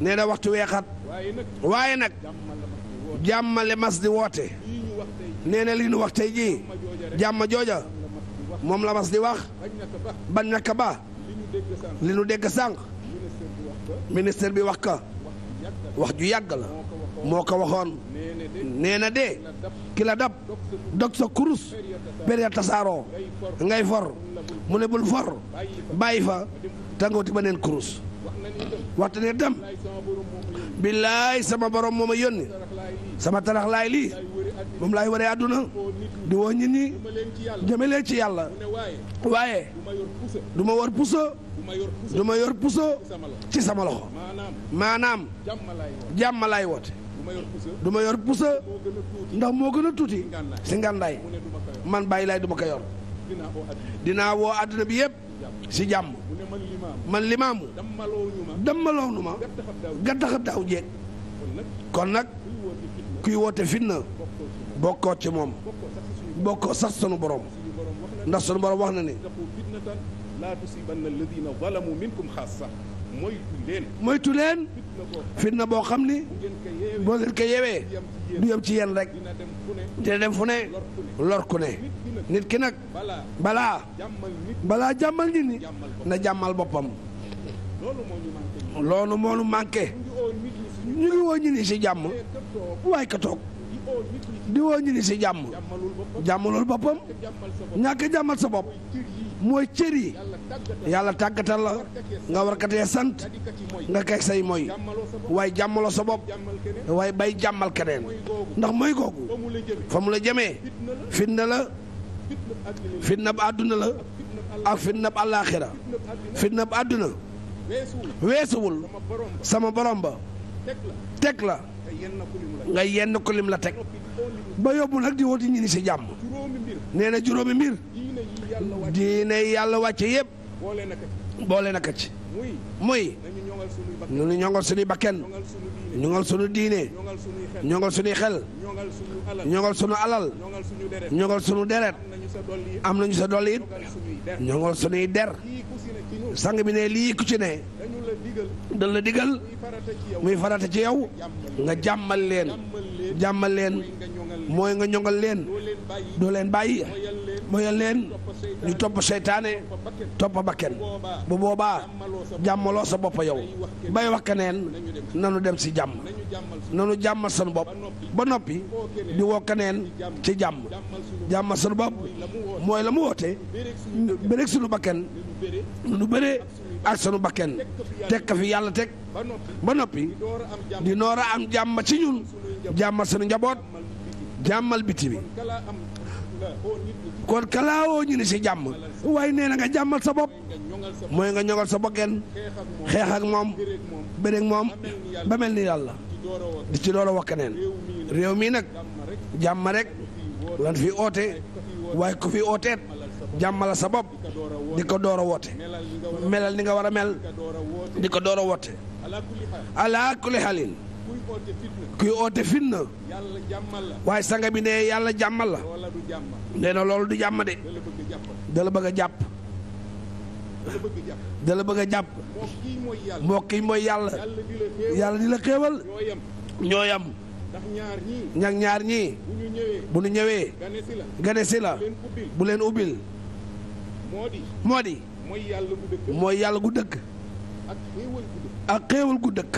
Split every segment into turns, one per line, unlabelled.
nee na waxtu weexat waaye nag jàmmale mas di woote nee na li nu wax tey jii jàmm jooja moom la mas di wax ban naka ba
li nu dégg sànq
ministère bi wax ka wax ju yàgg la moo ko waxoon nee na de ki la dab dog sa kurus période tasaaroo ngay for mu ne for bàyyi fa tàngooti ba neen kurus waxtu ne dem billaay sama borom moo ma yónni sama tarax laay lii moom laay waree àdduna di woo nit ñi jëmale ci yàlla waaye du ma war puso du yor puso ci sama loxo maanaam jàmm laay woote du ma yor puso ndax moo gën a tuuti si ngàndaay man bàyyi laay du ma dinaa woo àdduna bi yëpp. si jàmm man limaamu dammaloo nu ma gattaxa daaw kon nag kuy woote fitna bokkoot ci moom bokkoo sax sunu borom ndax sunu borom wax na ni.
moytu leen.
moytu leen fitna boo xam ni boo ngeen yewee du yem ci yéen rek dina dem fu ne lor nit ki nag balaa balaa jàmmal nit ñi na jàmmal boppam loolu moo nu manqué ñu ngi woo ñu si jàmm eh, waaye ka toog di woo ñu ni si jàmm jàmmalul boppam ñàkk jàmmal sa bopp. mooy cër yi yàlla tàggatal la nga war katee sant nga kay say mooy waaye jàmmaloo sa bopp waaye bay jàmmal keneen ndax mooy googu fa mu la jëmee fitna la fitna bu àdduna la ak fitna bu àllaaxira fitna bu àdduna weesuwul sama borom ba teg la nga yenn ko lim la teg ba yóbbu nag di woti ñi ni si jàmm nee juróomi mbir
diine yàlla wàcce
yëpp boole naka ci muy nu ñu ñongal suñuy bakken ñongal suñu diine ñongal suñuy xel ñongal suñu alal ñongal suñu deret am nañu sa dolli it ñongal suñuy der sang bi ne lii ku ci ne dañ la digal muy farata ci yow nga jàmmal leen mooy nga ñongal leen doo leen bàyyi moyal leen ñu topp seytaane topp bakken bu boobaa jàmmaloo sa bopp yow bay wax keneen nanu dem si jàmm nanu jàmmal seen bopp ba noppi di woo ci jàmm jàmmal seen bopp mooy la mu woote bérék sunu bakken nu bëree ak sunu bakken teg ka fi yàlla teg ba noppi di noora am jàmm ci ñun jàmmal seen njaboot jàmmal biti kon kalaawoo ñu ni si jàmm waaye nee na nga jàmmal sa bopp mooy nga ñogal sa bokkeen xeex ak moom bëreeg moom ba mel ni yàlla di ci door a wakkaneen réew mii nag jàmm rek lan fi oote waaye ku fi ooteet jàmmala sa bopp di ko door a woote melal ni nga war a mel di ko door a woote alaa kulli xaalin kuy oote fitna waaye sanga bi ne yàlla jàmmal la nee na loolu du jàmm de dala bëgg a jàpp dala bëgg a jàpp mbokk yi mooy yàlla yàlla di la xéewal ñoo yam
ñag ñaar ñii bu nu ñëwee gane la bu leen ubbil moo di mooy yàlla
gu dëkk ak xéewal gu dëkk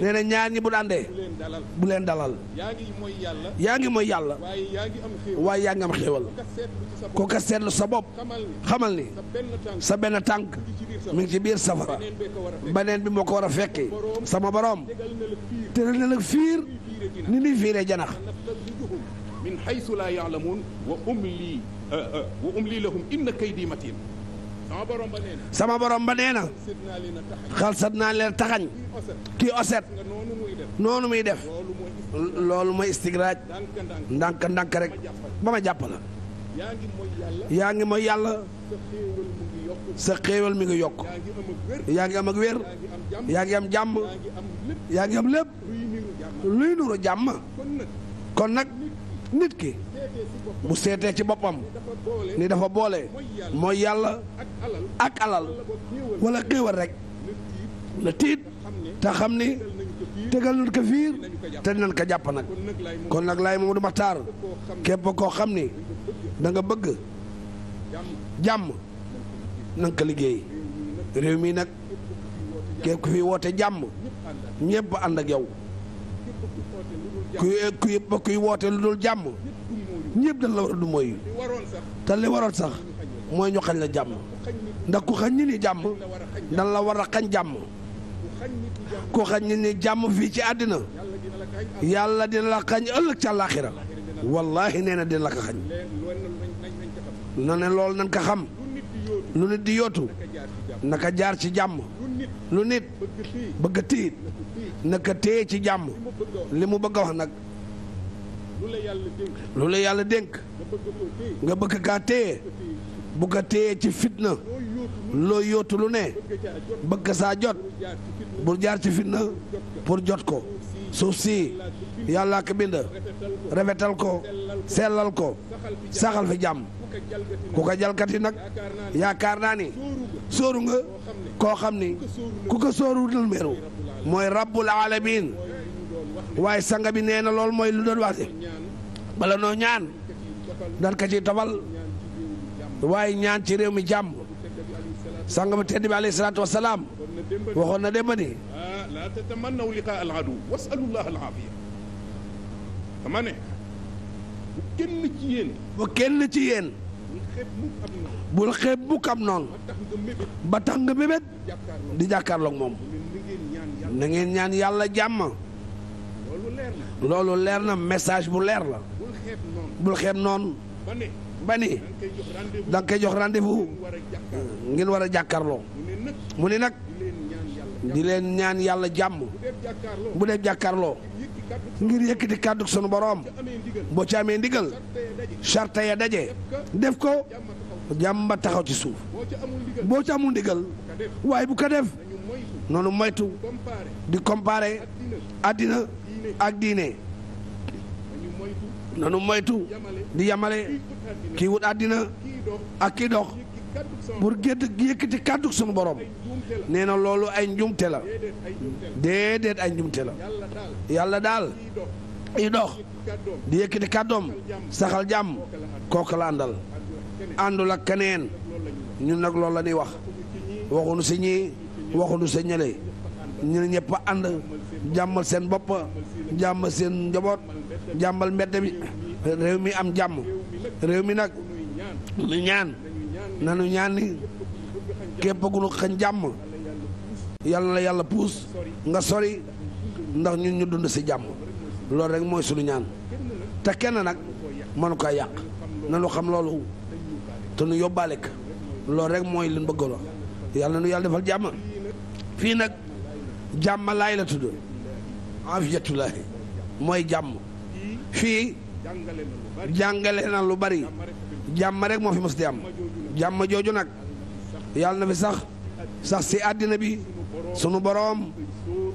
nee na ñaar ñi bu ñu àndee bu leen dalal yaa ngi mooy yàlla waaye yaa ngi am xéewal ko ka seetlu sa bopp xamal ni sa benn tànk mi ci biir safara beneen bi moo ko war a fekkee sama borom tëral na la fiir ni ni fiiree janax
min sama borom ba nee na xalsat naa leen taxañ kii oset noonu muy def loolu mooy istigraaj
ndànk ndànk rek ba ma jàpp la yaa ngi mooy yàlla sa xéewal mi ngi yokk yaa ngi am ak wér yaa ngi am jàmm yaa ngi am lépp luy nuru jàmm kon nag nit ki bu seetee ci boppam ni dafa boole mooy yàlla ak alal wala xéewal rek na tiit te xam ni tegal nañ ko fiir te dinañ ko jàpp nag kon nag laay Mamadou Makhtar képp koo xam ni danga bëgg jàmm na nga ko liggéey réew mi nag képp ku fi woote jàmm ñëpp ànd ak yow ku kuy kuy woote lu dul jàmm. ñépp dañ la war a du mooy te li waroon sax mooy ñu xañ la jàmm ndax ku xañ ñi ni jàmm dañ la war a xañ jàmm ku xañ ñi ni jàmm fii ci àddina yàlla dina la xañ ëllëg ca àllaaxira wallaahi nee na dina la ko xañ na ne loolu nañ ko xam lu nit di yootu naka jaar ci jàmm lu nit bëgg tiit naka téye ci jàmm li mu bëgg a wax nag lu la yàlla dénk nga bëgg kaa téye bu ko téye ci fitna loo yóotu lu ne bëgg ko saa jot bu jaar ci fitna pour jot ko suuf si yàllaa ko bind rafetal ko sellal ko saxal fi jàmm ku ko jalkati nag yaakaar naa ni sóoru nga koo xam ni ku ko sóoru dul mooy rabbul alamin waaye sanga bi nee na loolu mooy lu doon wax bala noo ñaan dan ka ciy tofal waaye ñaan ci réew mi jàmm
sang bu tedd bi
alayhi salaatu na démb ni
laa tatamannaw liqaa al adu wasalullah al aafiya bu
kenn ci yéen bu kenn ci yéen bul xeeb bu kam noonu ba tax nga mébét di jàkkaarloog moom na ngeen ñaan yàlla jàmm loolu leer na message bu leer la bul xeeb noonu ba ni da jox rendez-vous ngeen war a jàkkaarloo mu ni nag di leen ñaan yàlla jàmm bu dee jàkkaarloo ngir yëkkati kàddu sunu boroom boo ci amee ndigal charte ya daje def ko jàmm ba taxaw ci suuf boo ci amul ndigal waaye bu ko def noonu moytu di comparer àddina ak diine nanu moytu di yamale kii àddina ak kii dox pour gétt yëkkati kàddu sunu borom nee na loolu ay njumte la déedéet ay njumte la yàlla daal i dox di yëkkati kàddoom saxal jàmm kooku la àndal àndul ak keneen ñun nag loolu la ñuy wax waxunu si ñii waxunu sa ñële ñu ne ñëpp ànd jàmmal seen bopp jàmmal seen njaboot jàmmal mbedd bi réew mi am jàmm réew mi nag nu ñaan nanu ñaan ni képp ku nu xañ jàmm yàlla na yàlla puus nga sori ndax ñu ñu dund si jàmm loolu rek mooy sunu ñaan te kenn nag mënu ko yàq nanu xam loolu te nu yóbbaale loolu rek mooy li nu bëgg la na nu yàlla defal jàmm fii nag jàmm laay la tudd afiyatulaahi mooy jàmm fii jàngale na lu bari jàmm rek moo fi mës di am jàmm jooju nag yàlla na fi sax sax si àddina bi sunu boroom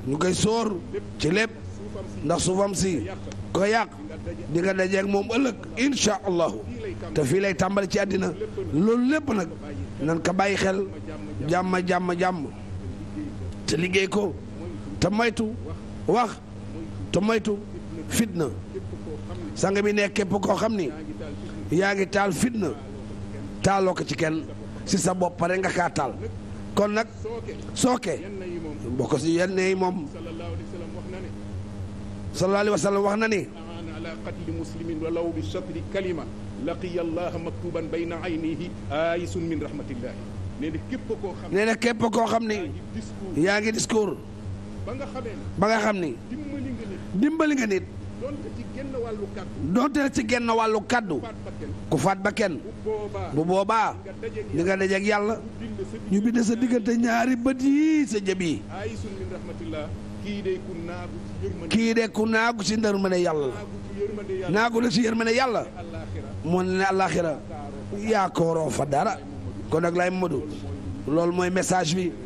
ñu koy soor ci lépp ndax su suufam si ko yàq di nga dajeeg moom ëllëg insha allahu te fii lay tàmbali ci àddina loolu lépp nag nan ka bàyyi xel jàmm jàmm jàmm te liggéey ko te wax te fitna sang mi ne képp koo xam ni yaa ngi taal fitna taaloo ko ci kenn si sa bopp pare nga kaa taal kon nag sooke bokk si yenn yi moom sallallahu alayhi wa sallam wax na ni
ala qatli muslimin walaw bi shatri kalima laqiya allaha maktuban bayna aynihi aisun
min rahmatillahi nee képp koo xam ne na képp koo xam ne yaa ngi discours
ba nga ba nga xam ni dimbali nga nit
dimbali nga ci genn wàllu kàddu ku faat ba kenn bu boobaa di nga yàlla ñu bind sa diggante ñaari bët yi sa jëb yi
kii de ku naagu si ndar mën a yàlla naagu la si yërmande yàlla
moo ne ne yaa kooroo fa dara kon nag laay Modou loolu mooy message bi